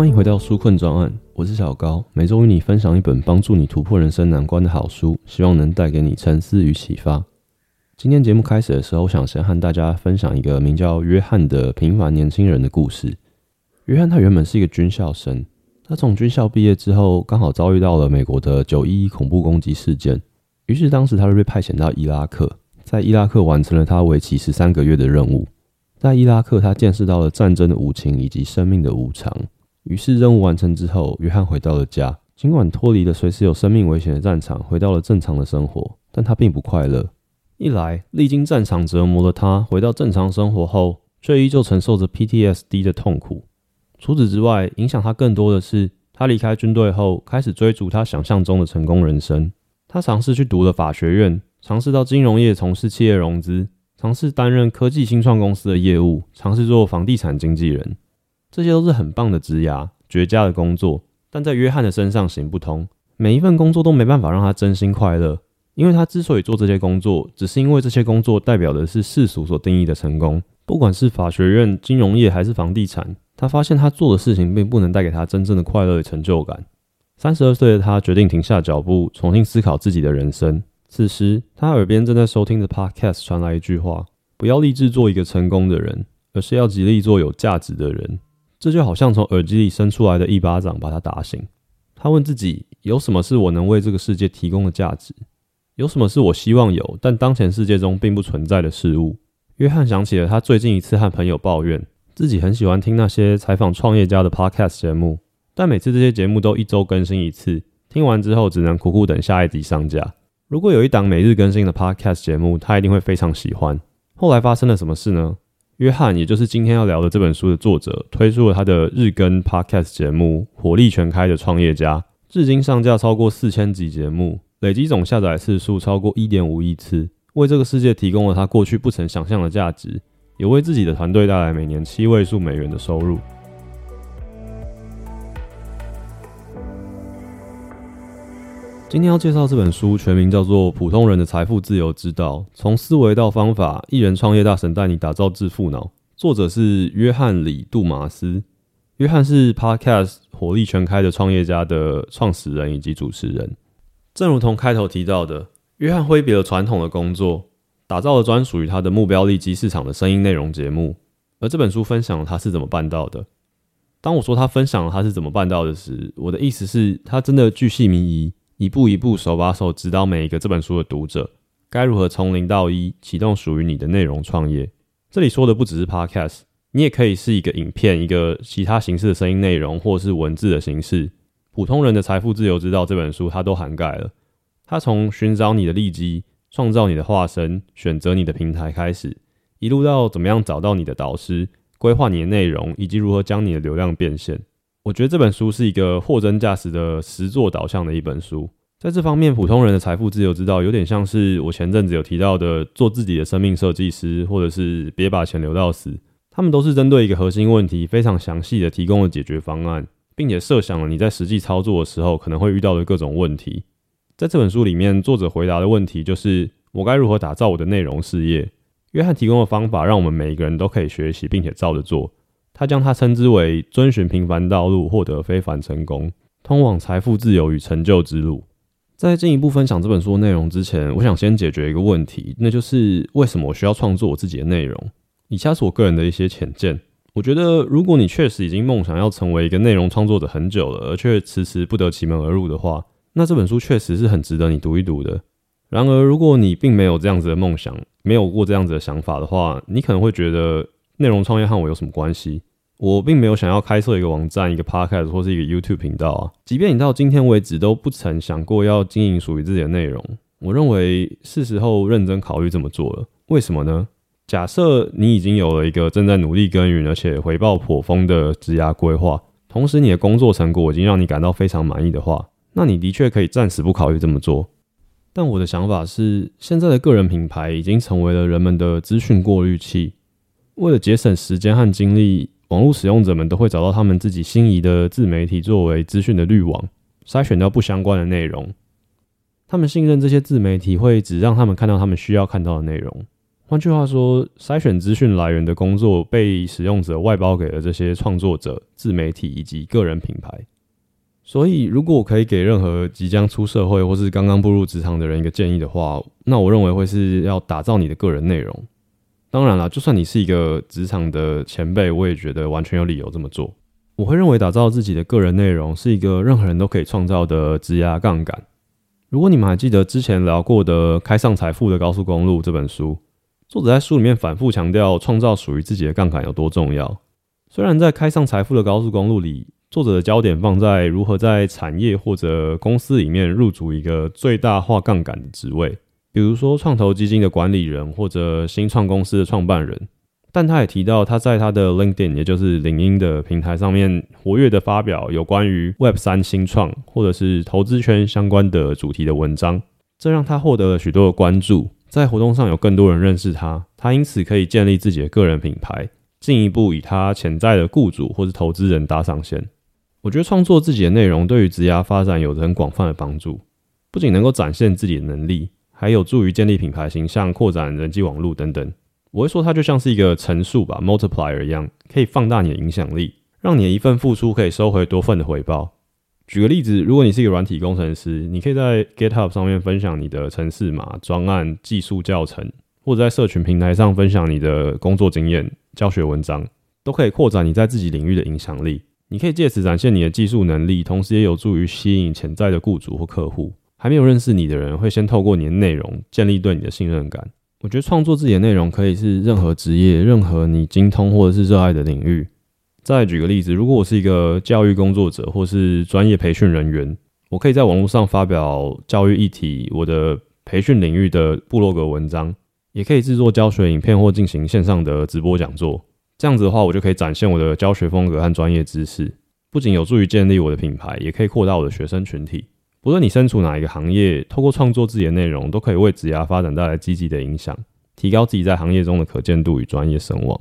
歡迎回到《書困專案》，我是小高。每週與你分享一本幫助你突破人生難關的好書，希望能帶給你沉思與啟發。今天節目開始的時候，我想先和大家分享一個名叫約翰的平凡年輕人的故事。約翰他原本是一個軍校生，他從軍校畢業之後，剛好遭遇到了美國的九一一恐怖攻擊事件，於是當時他就被派遣到伊拉克，在伊拉克完成了他為期十三個月的任務。在伊拉克，他見識到了戰爭的無情以及生命的無常。於是任務完成之後，約翰回到了家。儘管脫離了隨時有生命危險的戰場，回到了正常的生活，但他並不快樂。一來，歷經戰場折磨的他，回到正常生活後，卻依舊承受着 PTSD 的痛苦。除此之外，影響他更多的是，他離開軍隊後，開始追逐他想象中的成功人生。他嘗試去讀了法學院，嘗試到金融業從事企業融資，嘗試擔任科技新創公司的業務，嘗試做房地產經紀人。這些都是很棒的職涯，絕佳的工作，但在約翰的身上行不通。每一份工作都沒辦法讓他真心快樂，因為他之所以做這些工作，只是因為這些工作代表的是世俗所定義的成功。不管是法學院、金融業還是房地產，他發現他做的事情並不能帶給他真正的快樂與成就感。三十二歲的他決定停下腳步，重新思考自己的人生。此時，他耳邊正在收聽的 Podcast 傳來一句話：“不要立志做一個成功的人，而是要極力做有價值的人。”這就好像從耳機裡伸出來的一巴掌，把他打醒。他問自己：有什麼是我能為這個世界提供的價值？有什麼是我希望有，但當前世界中並不存在的事物？約翰想起了他最近一次和朋友抱怨，自己很喜歡聽那些採訪創業家的 podcast 節目，但每次這些節目都一周更新一次，聽完之後只能苦苦等下一集上架。如果有一檔每日更新的 podcast 節目，他一定會非常喜歡。後來發生了什麼事呢？約翰，也就是今天要聊的這本書的作者，推出了他的日更 Podcast 節目《火力全開的創業家》，至今上架超過四千集節目，累積總下載次數超過一點五億次，為這個世界提供了他過去不曾想象的價值，也為自己的團隊帶來每年七位數美元的收入。今天要介紹這本書，全名叫做《普通人的財富自由之道：從思維到方法，一人創業大神帶你打造致富腦》。作者是約翰·李·杜馬斯。約翰是 Podcast《火力全開的創業家》的創始人以及主持人。正如同開頭提到的，約翰揮別了傳統的工作，打造了專屬於他的目標利基市場的聲音內容節目。而這本書分享了他是怎麼辦到的。當我說他分享了他是怎麼辦到的時，我的意思是，他真的巨細靡遺。一步一步，手把手指導每一個這本書的讀者，該如何從零到一啟動屬於你的內容創業。這裡說的不只是 Podcast，你也可以是一個影片、一個其他形式的聲音內容，或是文字的形式。普通人的財富自由之道這本書，它都涵蓋了。它從尋找你的利基、創造你的化身、選擇你的平台開始，一路到怎麼樣找到你的導師、規劃你的內容，以及如何將你的流量變現。我覺得這本書是一個貨真價實的實做導向的一本書。在這方面，普通人的財富自由之道有點像是我前陣子有提到的“做自己的生命設計師”或者是“別把錢留到死”。他們都是針對一個核心問題，非常詳細的提供了解決方案，並且設想了你在實際操作的時候可能會遇到的各種問題。在這本書裡面，作者回答的問題就是“我該如何打造我的內容事業？”約翰提供的方法，讓我們每一個人都可以學習並且照着做。他將它稱之為遵循平凡道路獲得非凡成功，通往財富自由與成就之路。在進一步分享這本書的內容之前，我想先解決一個問題，那就是為什麼我需要創作我自己的內容？以下是我個人的一些淺見。我覺得，如果你確實已經夢想要成為一個內容創作者很久了，而却遲遲不得其門而入的話，那這本書確實是很值得你讀一讀的。然而，如果你並沒有這樣子的夢想，沒有過這樣子的想法的話，你可能會覺得內容創業和我有什麼關係？我並沒有想要開設一個網站、一個 podcast 或是一個 YouTube 頻道啊。即便你到今天為止都不曾想過要經營屬於自己的內容，我認為是時候認真考慮這麼做了。為什麼呢？假設你已經有了一個正在努力耕耘、而且回報頗豐的職涯規劃，同時你的工作成果已經讓你感到非常滿意的話，那你的確可以暫時不考慮這麼做。但我的想法是，現在的個人品牌已經成為了人們的資訊過濾器，為了節省時間和精力。網絡使用者們都會找到他們自己心儀的自媒體作為資訊的濾網，篩選掉不相關的內容。他們信任這些自媒體會只讓他們看到他們需要看到的內容。換句話說，篩選資訊來源的工作被使用者外包給了這些創作者、自媒體以及個人品牌。所以，如果我可以給任何即將出社會或是剛剛步入職場的人一個建議的話，那我認為會是要打造你的個人內容。當然啦，就算你是一個職場的前輩，我也覺得完全有理由這麼做。我會認為打造自己的個人內容是一個任何人都可以創造的支壓槓桿。如果你們還記得之前聊過的《開上財富的高速公路》這本書，作者在書裡面反復強調創造屬於自己的槓桿有多重要。雖然在《開上財富的高速公路》裡，作者的焦點放在如何在產業或者公司裡面入主一個最大化槓桿的職位。比如說，創投基金的管理人或者新創公司的創辦人。但他也提到，他在他的 LinkedIn，也就是領英的平台上面，活躍的發表有關於 Web 三新創或者是投資圈相關的主題的文章，這讓他獲得了許多的關注，在活動上有更多人認識他。他因此可以建立自己的個人品牌，進一步與他潛在的雇主或是投資人搭上線。我覺得創作自己的內容對於職涯發展有着很廣泛的幫助，不僅能夠展現自己的能力。還有助於建立品牌形象、擴展人際網絡等等。我會說它就像是一個乘數吧，multiplier 一樣，可以放大你的影響力，讓你的一份付出可以收回多份的回報。舉個例子，如果你是一個軟體工程師，你可以在 GitHub 上面分享你的程式碼、專案、技術教程，或者在社群平台上分享你的工作經驗、教學文章，都可以擴展你在自己領域的影響力。你可以借此展現你的技術能力，同時也有助於吸引潛在的雇主或客戶。還沒有認識你的人，會先透過你的內容建立對你的信任感。我覺得創作自己的內容可以是任何職業、任何你精通或者是熱愛的領域。再舉個例子，如果我是一個教育工作者或是專業培訓人員，我可以在網絡上發表教育議題、我的培訓領域的部落格文章，也可以制作教學影片，或進行線上的直播講座。這樣子的話，我就可以展現我的教學風格和專業知識，不僅有助於建立我的品牌，也可以擴大我的學生群體。不論你身處哪一個行業，透過創作自己的內容，都可以為職涯發展帶來積極的影響，提高自己在行業中的可見度與專業聲望。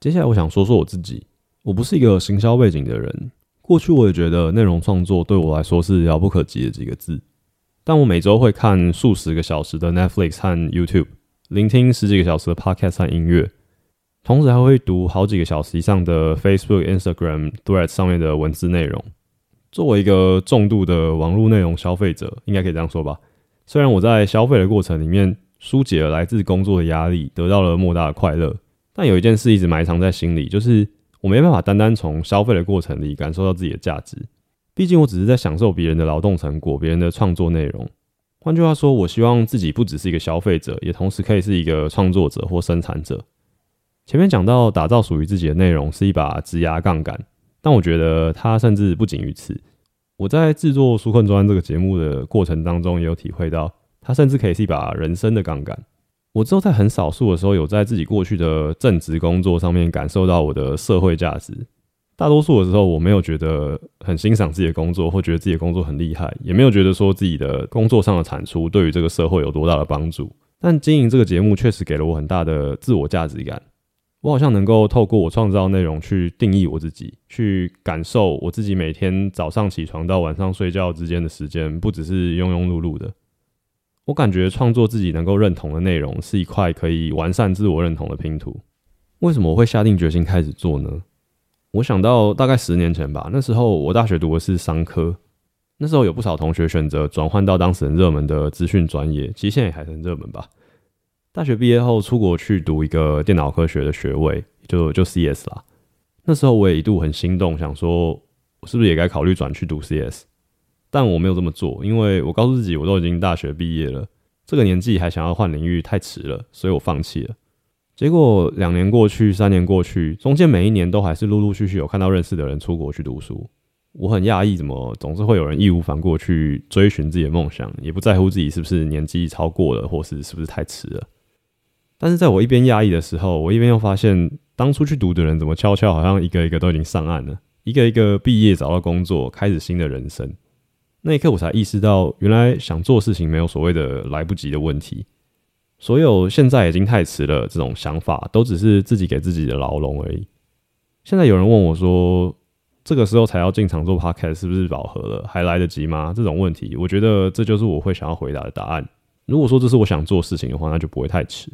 接下來，我想說說我自己。我不是一個行銷背景的人，過去我也覺得內容創作對我來說是遙不可及的幾個字。但我每周會看數十個小時的 Netflix 和 YouTube，聆聽十幾個小時的 Podcast 和音樂，同時還會讀好幾個小時以上的 Facebook、Instagram、Threads 上面的文字內容。作為一個重度的網絡內容消費者，應該可以這樣說吧。雖然我在消費的過程裡面疏解了來自工作的壓力，得到了莫大的快樂，但有一件事一直埋藏在心裡，就是我沒辦法單單從消費的過程裡感受到自己的價值。畢竟我只是在享受別人的勞動成果、別人的創作內容。換句話說，我希望自己不只是一個消費者，也同時可以是一個創作者或生產者。前面講到，打造屬於自己的內容是一把支壓槓桿。但我覺得他甚至不僅於此。我在製作《書困專》這個節目的過程當中，也有體會到，他甚至可以是一把人生的槓桿。我之後在很少數的時候，有在自己過去的正職工作上面感受到我的社會價值。大多數的時候，我沒有覺得很欣賞自己的工作，或覺得自己的工作很厲害，也沒有覺得說自己的工作上的產出對於這個社會有多大的幫助。但經營這個節目確實給了我很大的自我價值感。我好像能夠透過我創造內容去定義我自己，去感受我自己每天早上起床到晚上睡覺之間的時間，不只是庸庸碌碌的。我感覺創作自己能夠認同的內容是一塊可以完善自我認同的拼圖。為什麼我會下定決心開始做呢？我想到大概十年前吧，那時候我大學讀的是商科，那時候有不少同學選擇轉換到當時很熱門的資訊專業，其實現在也還是很熱門吧。大學畢業後，出國去讀一個電腦科學的學位，就就 CS 啦。那時候我也一度很心動，想說，我是不是也該考慮轉去讀 CS？但我沒有這麼做，因為我告訴自己，我都已經大學畢業了，這個年紀還想要換領域太遲了，所以我放棄了。結果兩年過去，三年過去，中間每一年都還是陸陸續續有看到認識的人出國去讀書，我很訝異，怎麼總是會有人義無反顧去追尋自己的夢想，也不在乎自己是不是年紀超過了，或是是不是太遲了。但是在我一邊壓抑的時候，我一邊又發現，當初去讀的人怎麼悄悄好像一個一個都已經上岸了，一個一個畢業找到工作，開始新的人生。那一刻我才意識到，原來想做事情沒有所謂的來不及的問題。所有現在已經太遲了這種想法，都只是自己給自己的牢籠而已。現在有人問我說，這個時候才要進場做 podcast 是不是飽和了，還來得及嗎？這種問題，我覺得這就是我會想要回答的答案。如果說，這是我想做事情的話，那就不會太遲。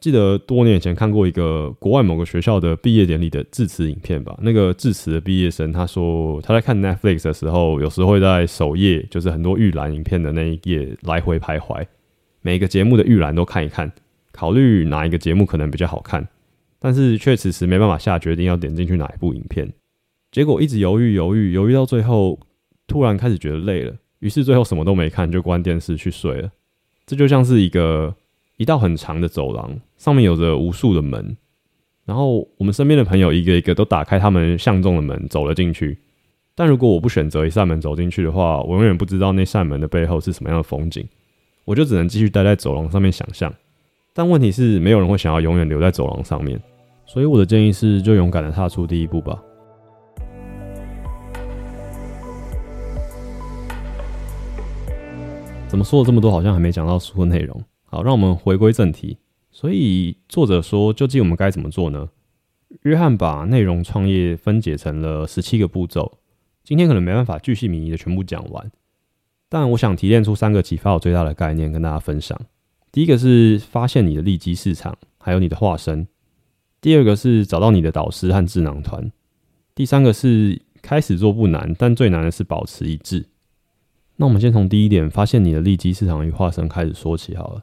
記得多年以前看過一個國外某個學校的畢業典禮的致辭影片吧。那個致辭的畢業生他說，他在看 Netflix 的時候，有時會在首頁，就是很多預覽影片的那一頁來回徘徊，每個節目的預覽都看一看，考慮哪一個節目可能比較好看，但是卻遲遲沒辦法下決定要點進去哪一部影片，結果一直猶豫猶豫猶豫到最後，突然開始覺得累了，於是最後什麼都沒看就關電視去睡了。這就像是一個。一道很長的走廊，上面有着無數的門，然後我們身邊的朋友一個一個都打開他們相中的門走了進去，但如果我不選擇一扇門走進去的話，我永遠不知道那扇門的背後是什麼樣的風景，我就只能繼續待在走廊上面想象。但問題是，沒有人會想要永遠留在走廊上面，所以我的建議是，就勇敢的踏出第一步吧。怎麼說了這麼多，好像還沒講到書的內容。好，讓我們回歸正題。所以作者說，究竟我們該怎麼做呢？約翰把內容創業分解成了十七個步驟，今天可能沒辦法巨細靡遺的全部講完，但我想提煉出三個啟發我最大的概念跟大家分享。第一個是發現你的利基市場，還有你的化身；第二個是找到你的導師和智囊團；第三個是開始做不難，但最難的是保持一致。那我們先從第一點，發現你的利基市場與化身開始說起好了。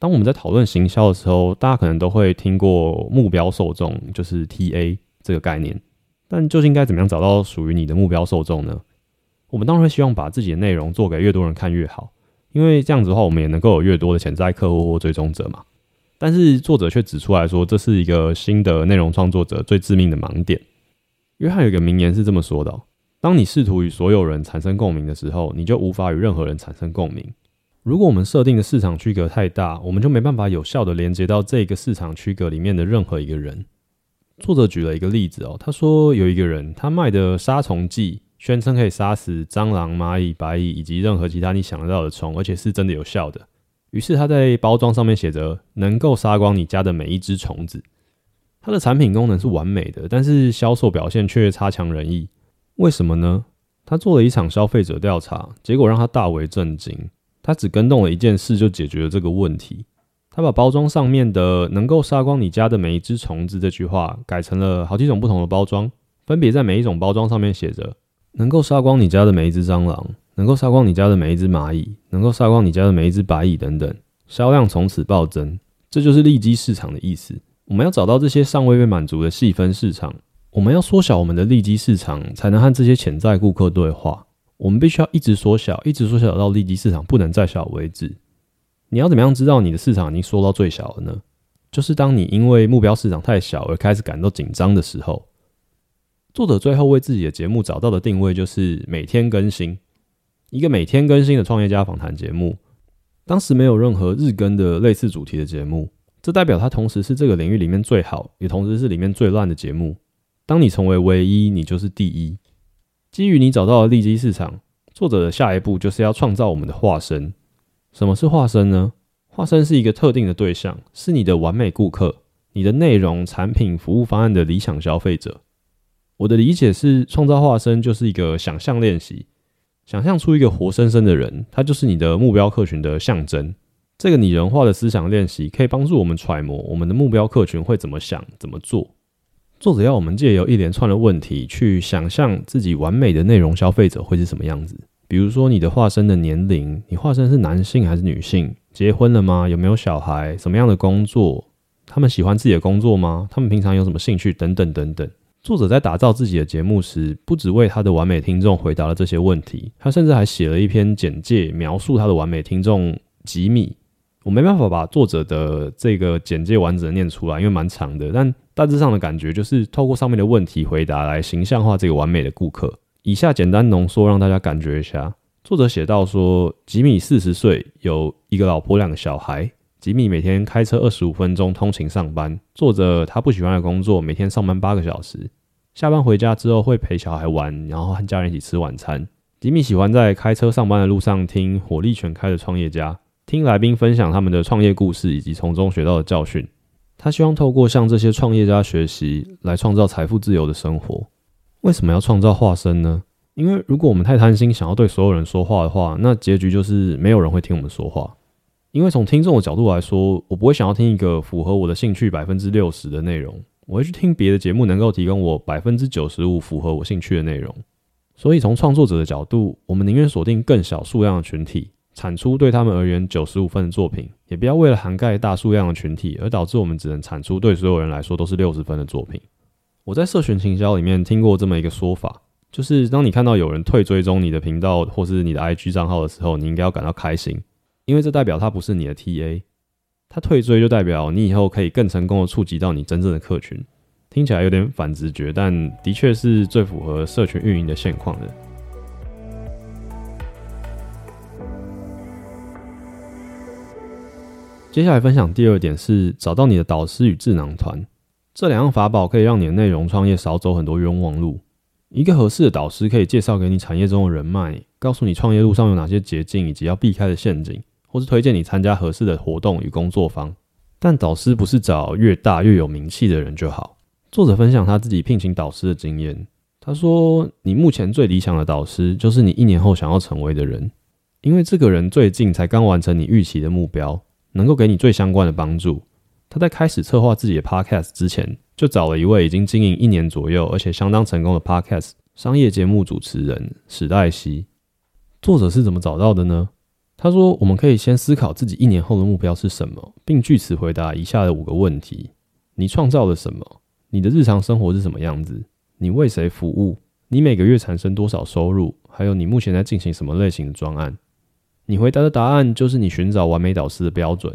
當我們在討論行銷的時候，大家可能都會聽過目標受眾，就是 TA 這個概念。但究竟應該怎麼樣找到屬於你的目標受眾呢？我們當然會希望把自己的內容做給越多人看越好，因為這樣子的話，我們也能夠有越多的潛在客戶或追蹤者嘛。但是作者卻指出來說，這是一個新的內容創作者最致命的盲點。約翰有一個名言是這麼說的哦：當你試圖與所有人產生共鳴的時候，你就無法與任何人產生共鳴。如果我們設定的市場區隔太大，我們就沒辦法有效地連接到這個市場區隔裡面的任何一個人。作者舉了一個例子哦，他說有一個人他賣的殺蟲劑，宣稱可以殺死蟑螂、螞蟻、白蟻以及任何其他你想得到的蟲，而且是真的有效的。於是他在包裝上面寫着能夠殺光你家的每一隻蟲子。他的產品功能是完美的，但是銷售表現卻差強人意。為什麼呢？他做了一場消費者調查，結果讓他大為震驚。他只更動了一件事，就解決了這個問題。他把包裝上面的“能夠殺光你家的每一隻蟲子”這句話改成了好幾種不同的包裝，分別在每一種包裝上面寫着“能夠殺光你家的每一隻蟑螂”、“能夠殺光你家的每一隻螞蟻”、“能夠殺光你家的每一隻白蟻”等等，銷量從此暴增。這就是利基市場的意思。我們要找到這些尚未被滿足的細分市場，我們要縮小我們的利基市場，才能和這些潛在顧客對話。我們必須要一直縮小，一直縮小到利基市場不能再小為止。你要怎麼樣知道你的市場已經縮到最小了呢？就是當你因為目標市場太小而開始感到緊張的時候。作者最後為自己的節目找到的定位就是每天更新一個每天更新的創業家訪談節目。當時沒有任何日更的類似主題的節目，這代表它同時是這個領域裡面最好，也同時是裡面最爛的節目。當你成為唯一，你就是第一。基於你找到了利基市場，作者的下一步就是要創造我們的化身。什麼是化身呢？化身是一個特定的對象，是你的完美顧客，你的內容、產品、服務方案的理想消費者。我的理解是，創造化身就是一個想象練習，想象出一個活生生的人，他就是你的目標客群的象徵。這個擬人化的思想練習可以幫助我們揣摩我們的目標客群會怎麼想、怎麼做。作者要我們借由一連串的問題去想象自己完美的內容消費者會是什麼樣子，比如說你的化身的年齡，你化身是男性還是女性，結婚了嗎？有沒有小孩？什麼樣的工作？他們喜歡自己的工作嗎？他們平常有什麼興趣？等等等等。作者在打造自己的節目時，不只為他的完美聽眾回答了這些問題，他甚至還寫了一篇簡介描述他的完美聽眾吉米。我沒辦法把作者的這個簡介完整念出來，因為蠻長的，但。大致上的感覺就是透過上面的問題回答來形象化這個完美的顧客。以下簡單濃縮，讓大家感覺一下。作者寫道說，吉米四十歲，有一個老婆，兩個小孩。吉米每天開車二十五分鐘通勤上班，做着他不喜歡的工作，每天上班八個小時。下班回家之後會陪小孩玩，然後和家人一起吃晚餐。吉米喜歡在開車上班的路上聽火力全開的創業家，聽來賓分享他們的創業故事以及從中學到的教訓。他希望透過向這些創業家學習，來創造財富自由的生活。為什麼要創造化身呢？因為如果我們太貪心，想要對所有人說話的話，那結局就是沒有人會聽我們說話。因為從聽眾的角度來說，我不會想要聽一個符合我的興趣百分之六十的內容，我會去聽別的節目能夠提供我百分之九十五符合我興趣的內容。所以從創作者的角度，我們寧願鎖定更小數量的群體。產出對他們而言九十五分的作品，也不要為了涵蓋大數量的群體而導致我們只能產出對所有人來說都是六十分的作品。我在社群行銷裡面聽過這麼一個說法，就是當你看到有人退追蹤你的頻道或是你的 IG 賬號的時候，你應該要感到開心，因為這代表他不是你的 TA，他退追就代表你以後可以更成功的觸及到你真正的客群。聽起來有點反直覺，但的確是最符合社群運營的現況的。接下來分享第二點是找到你的導師與智囊團，這兩樣法寶可以讓你的內容創業少走很多冤枉路。一個合適的導師可以介紹給你產業中的人脈，告訴你創業路上有哪些捷徑以及要避開的陷阱，或是推薦你參加合適的活動與工作坊。但導師不是找越大越有名氣的人就好。作者分享他自己聘請導師的經驗，他說：“你目前最理想的導師就是你一年後想要成為的人，因為這個人最近才剛完成你預期的目標。”能夠給你最相關的幫助。他在開始策劃自己的 podcast 之前，就找了一位已經經營一年左右，而且相當成功的 podcast 商業節目主持人史黛西。作者是怎麼找到的呢？他說：“我們可以先思考自己一年後的目標是什麼，並據此回答以下的五個問題：你創造了什麼？你的日常生活是什麼樣子？你為誰服務？你每個月產生多少收入？還有你目前在進行什麼類型的專案？”你回答的答案就是你尋找完美導師的標準。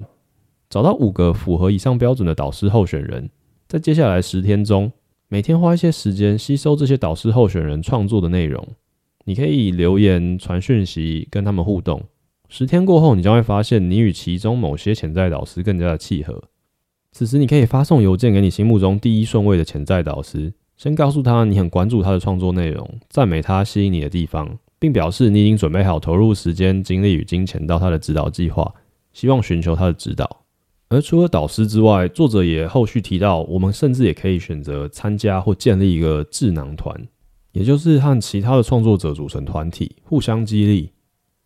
找到五個符合以上標準的導師候選人，在接下來十天中，每天花一些時間吸收這些導師候選人創作的內容。你可以留言、傳訊息跟他們互動。十天過後，你將會發現你與其中某些潛在導師更加的契合。此時，你可以發送郵件給你心目中第一順位的潛在導師，先告訴他你很關注他的創作內容，讚美他吸引你的地方。並表示你已經準備好投入時間、精力與金錢到他的指導計劃，希望尋求他的指導。而除了導師之外，作者也後續提到，我們甚至也可以選擇參加或建立一個智囊團，也就是和其他的創作者組成團體，互相激勵。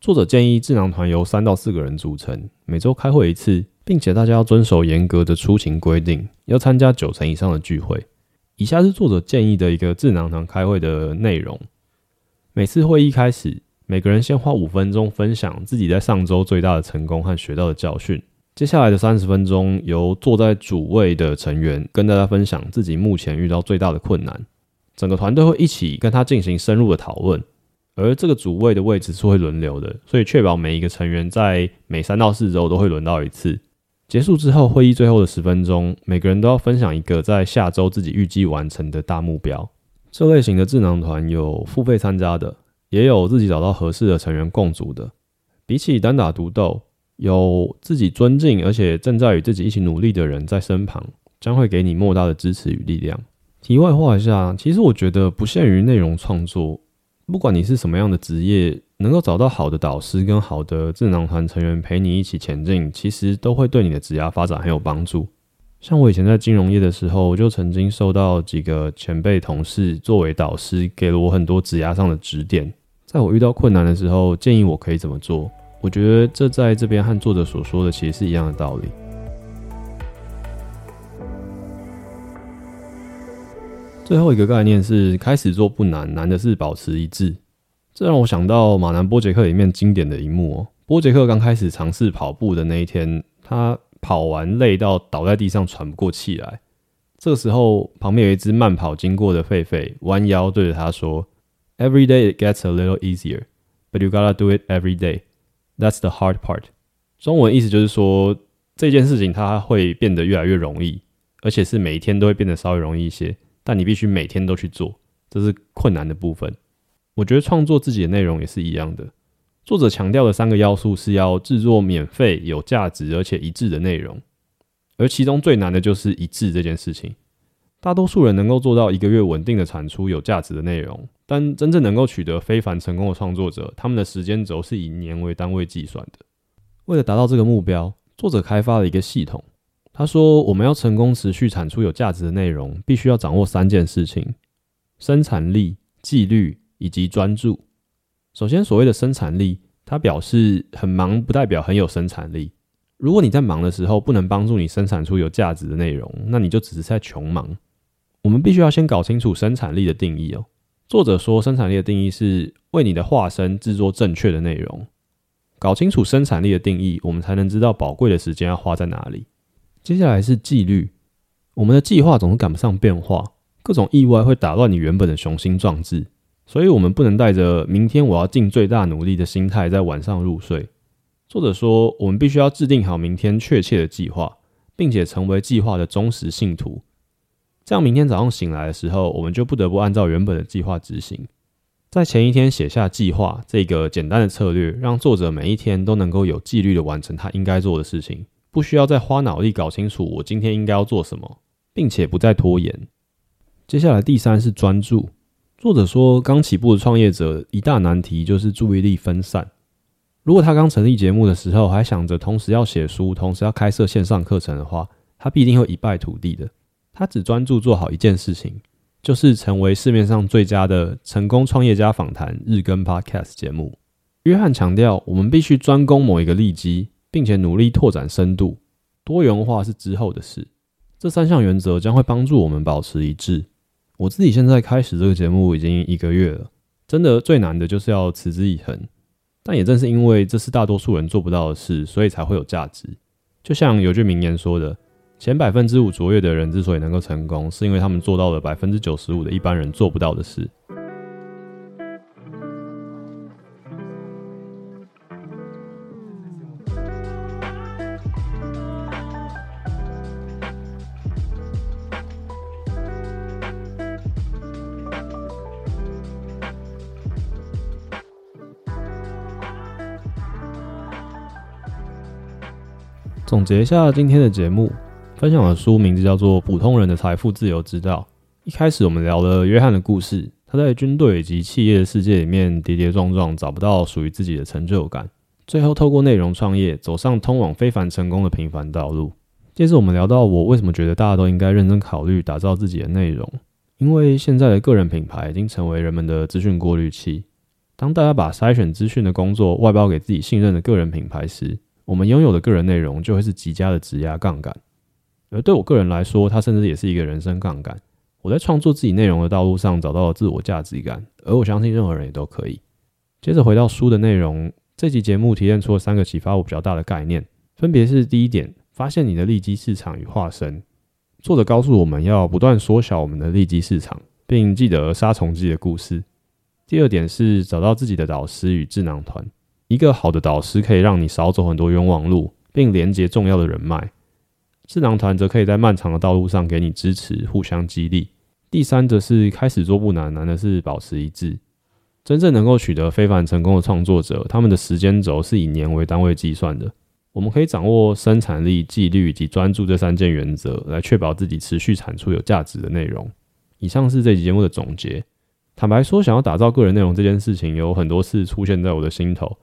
作者建議智囊團由三到四個人組成，每周開會一次，並且大家要遵守嚴格的出勤規定，要參加九成以上的聚會。以下是作者建議的一個智囊團開會的內容。每次會議開始，每個人先花五分鐘分享自己在上周最大的成功和學到的教訓。接下來的三十分鐘由坐在主位的成員跟大家分享自己目前遇到最大的困難。整個團隊會一起跟他進行深入的討論。而這個主位的位置是會輪流的，所以確保每一個成員在每三到四周都會輪到一次。結束之後，會議最後的十分鐘，每個人都要分享一個在下周自己預計完成的大目標。這類型的智囊團有付費參加的，也有自己找到合適的成員共組的。比起單打獨鬥，有自己尊敬而且正在與自己一起努力的人在身旁，將會給你莫大的支持與力量。題外話一下，其實我覺得不限於內容創作，不管你是什麼樣的職業，能夠找到好的導師跟好的智囊團成員陪你一起前進，其實都會對你的職業發展很有幫助。像我以前在金融業的時候，我就曾經受到幾個前輩同事作為導師，給了我很多指壓上的指點，在我遇到困難的時候，建議我可以怎麼做。我覺得這在這邊和作者所說的其實是一樣的道理。最後一個概念是開始做不難，難的是保持一致。這讓我想到《馬男波傑克》裡面經典的一幕哦，波傑克剛開始嘗試跑步的那一天，他，跑完累到倒在地上喘不過氣來，這個時候旁邊有一隻慢跑經過的狒狒彎腰對着它說：“Every day it gets a little easier, but you gotta do it every day. That's the hard part.” 中文意思就是說，這件事情它會變得越來越容易，而且是每一天都會變得稍微容易一些，但你必須每天都去做，這是困難的部分。我覺得創作自己的內容也是一樣的。作者強調的三個要素是要制作免費、有價值而且一致的內容，而其中最難的就是一致這件事情。大多數人能夠做到一個月穩定的產出有價值的內容，但真正能夠取得非凡成功的創作者，他們的時間軸是以年為單位計算的。為了達到這個目標，作者開發了一個系統。他說：“我們要成功持續產出有價值的內容，必須要掌握三件事情：生產力、紀律以及專注。”首先，所謂的生產力，它表示，很忙不代表很有生產力。如果你在忙的時候不能幫助你生產出有價值的內容，那你就只是在窮忙。我們必須要先搞清楚生產力的定義哦。作者說，生產力的定義是為你的化身制作正確的內容。搞清楚生產力的定義，我們才能知道寶貴的時間要花在哪裡。接下來是紀律。我們的計劃總是趕不上變化，各種意外會打亂你原本的雄心壯志。所以我們不能帶着“明天我要盡最大努力”的心態在晚上入睡。作者說，我們必須要制定好明天確切的計劃，並且成為計劃的忠實信徒。這樣，明天早上醒來的時候，我們就不得不按照原本的計劃執行。在前一天寫下計劃這個簡單的策略，讓作者每一天都能夠有紀律地完成他應該做的事情，不需要再花腦力搞清楚我今天應該要做什麼，並且不再拖延。接下來，第三是專注。作者說，剛起步的創業者一大難題就是注意力分散。如果他剛成立節目的時候還想着同時要寫書、同時要開設線上課程的話，他必定會一敗塗地的。他只專注做好一件事情，就是成為市面上最佳的成功創業家訪談日更 Podcast 節目。約翰強調，我們必須專攻某一個利基，並且努力拓展深度。多元化是之後的事。這三項原則將會幫助我們保持一致。我自己現在開始這個節目已經一個月了，真的最難的就是要持之以恆，但也正是因為這是大多數人做不到的事，所以才會有價值。就像有句名言說的，前百分之五卓越的人之所以能夠成功，是因為他們做到了百分之九十五的一般人做不到的事。總結一下今天的節目，分享的書名字叫做《普通人的財富自由之道》。一開始我們聊了約翰的故事，他在軍隊以及企業的世界裡面跌跌撞撞，找不到屬於自己的成就感，最後透過內容創業，走上通往非凡成功的平凡道路。接着我們聊到我為什麼覺得大家都應該認真考慮打造自己的內容，因為現在的個人品牌已經成為人們的資訊過濾器。當大家把篩選資訊的工作外包給自己信任的個人品牌時，我們擁有的個人內容就會是極佳的質押槓桿，而對我個人來說，它甚至也是一個人生槓桿。我在創作自己內容的道路上找到了自我價值感，而我相信任何人也都可以。接着回到書的內容，這期節目提煉出了三個啟發我比較大的概念，分別是：第一點，發現你的利基市場與化身。作者告訴我們要不斷縮小我們的利基市場，並記得殺蟲劑的故事。第二點是找到自己的導師與智囊團。一個好的導師可以讓你少走很多冤枉路，並連接重要的人脈；智囊團則可以在漫長的道路上給你支持，互相激勵。第三則是開始做不難，難的是保持一致。真正能夠取得非凡成功的創作者，他們的時間軸是以年為單位計算的。我們可以掌握生產力、紀律以及專注這三件原則，來確保自己持續產出有價值的內容。以上是這期節目的總結。坦白說，想要打造個人內容這件事情，有很多次出現在我的心頭。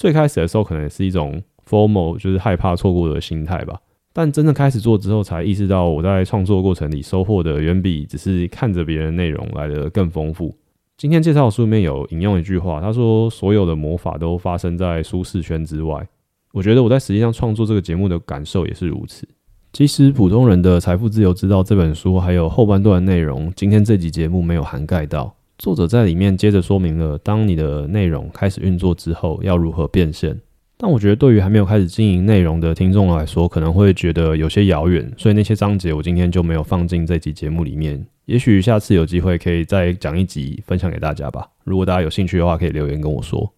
最開始的時候，可能也是一種 FOMO，就是害怕錯過的心態吧。但真正開始做之後，才意識到我在創作過程裡收穫的，遠比只是看着別人的內容來得更豐富。今天介紹的書裡面有引用一句話，他說：“所有的魔法都發生在舒適圈之外。”我覺得我在實際上創作這個節目的感受也是如此。其實《普通人的財富自由之道》這本書還有後半段內容，今天這集節目沒有涵蓋到。作者在裡面接着說明了，當你的內容開始運作之後，要如何變現。但我覺得，對於還沒有開始經營內容的聽眾來說，可能會覺得有些遙遠。所以那些章節，我今天就沒有放進這集節目裡面。也許下次有機會可以再講一集，分享給大家吧。如果大家有興趣的話，可以留言跟我說。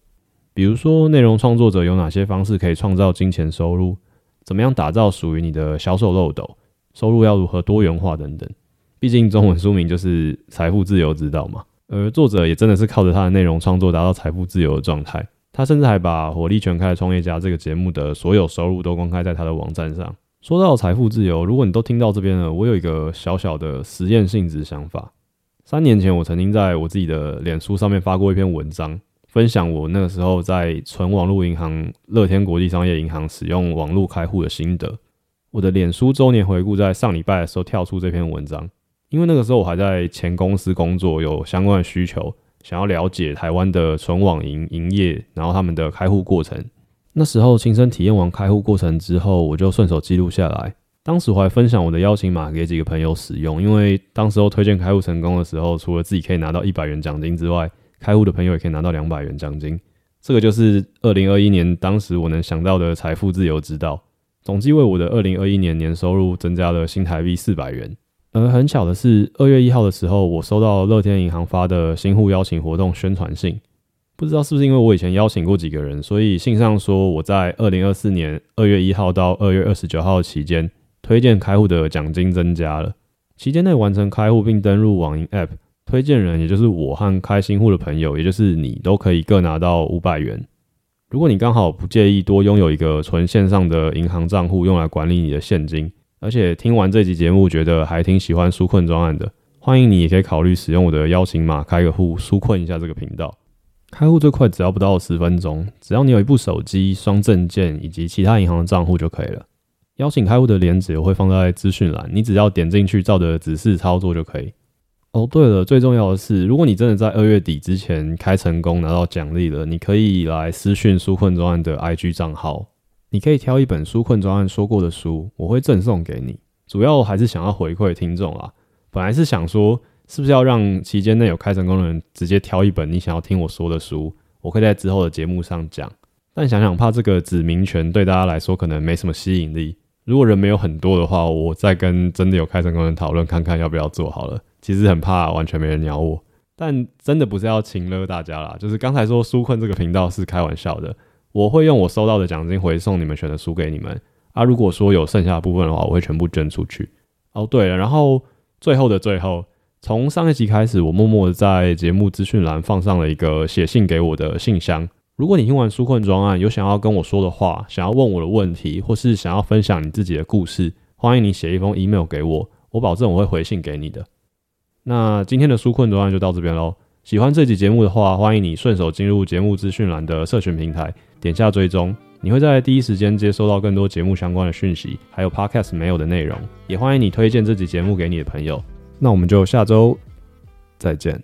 比如說，內容創作者有哪些方式可以創造金錢收入？怎麼樣打造屬於你的銷售漏斗？收入要如何多元化等等？畢竟中文書名就是《財富自由之道》嘛。而作者也真的是靠着他的內容創作達到財富自由的狀態，他甚至還把火力全開的創業家這個節目的所有收入都公開在他的網站上。說到財富自由，如果你都聽到這邊了，我有一個小小的實驗性質想法。三年前，我曾經在我自己的臉書上面發過一篇文章，分享我那個時候在純網絡銀行樂天國際商業銀行使用網絡開戶的心得。我的臉書周年回顧在上禮拜的時候跳出這篇文章。因為那個時候我還在前公司工作，有相關的需求，想要了解台灣的純網銀營,營業，然後他們的開戶過程。那時候親身體驗完開戶過程之後，我就順手記錄下來。當時我還分享我的邀請碼給幾個朋友使用，因為當時候推薦開戶成功的時候，除了自己可以拿到一百元獎金之外，開戶的朋友也可以拿到兩百元獎金。這個就是二零二一年當時我能想到的財富自由之道，總計為我的二零二一年年收入增加了新台幣四百元。而很巧的是，二月一號的時候，我收到樂天銀行發的新戶邀請活動宣傳信，不知道是不是因為我以前邀請過幾個人，所以信上說我在二零二四年二月一號到二月二十九號的期間推薦開戶的獎金增加了，期間內完成開戶並登錄網銀 App，推薦人也就是我和開新戶的朋友，也就是你都可以各拿到五百元。如果你剛好不介意多擁有一個純線上的銀行賬戶用來管理你的現金，而且聽完這集節目，覺得還挺喜歡書困專案的，歡迎你也可以考慮使用我的邀請碼開個戶紓困一下這個頻道。開戶最快只要不到十分鐘，只要你有一部手機、雙證件以及其他銀行的賬戶就可以了。邀請開戶的鏈接我會放在資訊欄，你只要點進去照着指示操作就可以。哦，對了，最重要的是，如果你真的在二月底之前開成功拿到獎勵了，你可以來私訊書困專案的 IG 賬號。你可以挑一本書困專案說過的書，我會贈送給你。主要我還是想要回饋聽眾啦。本來是想說，是不是要讓期間內有開成功的人直接挑一本你想要聽我說的書，我可以在之後的節目上講。但想想，怕這個指名權對大家來說可能沒什麼吸引力。如果人沒有很多的話，我再跟真的有開成功的人討論，看看要不要做好了。其實很怕完全沒人鳥我。但真的不是要情勒大家啦，就是剛才說書困這個頻道是開玩笑的。我會用我收到的獎金回送你們選的書給你們啊。如果說有剩下的部分的話，我會全部捐出去。哦、oh, 對了，然後最後的最後，從上一集開始，我默默在節目資訊欄放上了一個寫信給我的信箱。如果你聽完《書困專案》有想要跟我說的話，想要問我的問題，或是想要分享你自己的故事，歡迎你寫一封 email 給我，我保證我會回信給你的。那今天的《書困專案》就到這邊嘍。喜歡這集節目的話，歡迎你順手進入節目資訊欄的社群平台。點下追蹤，你會在第一時間接收到更多節目相關的訊息，還有 Podcast 沒有的內容。也歡迎你推薦這集節目給你的朋友。那我們就下周再見。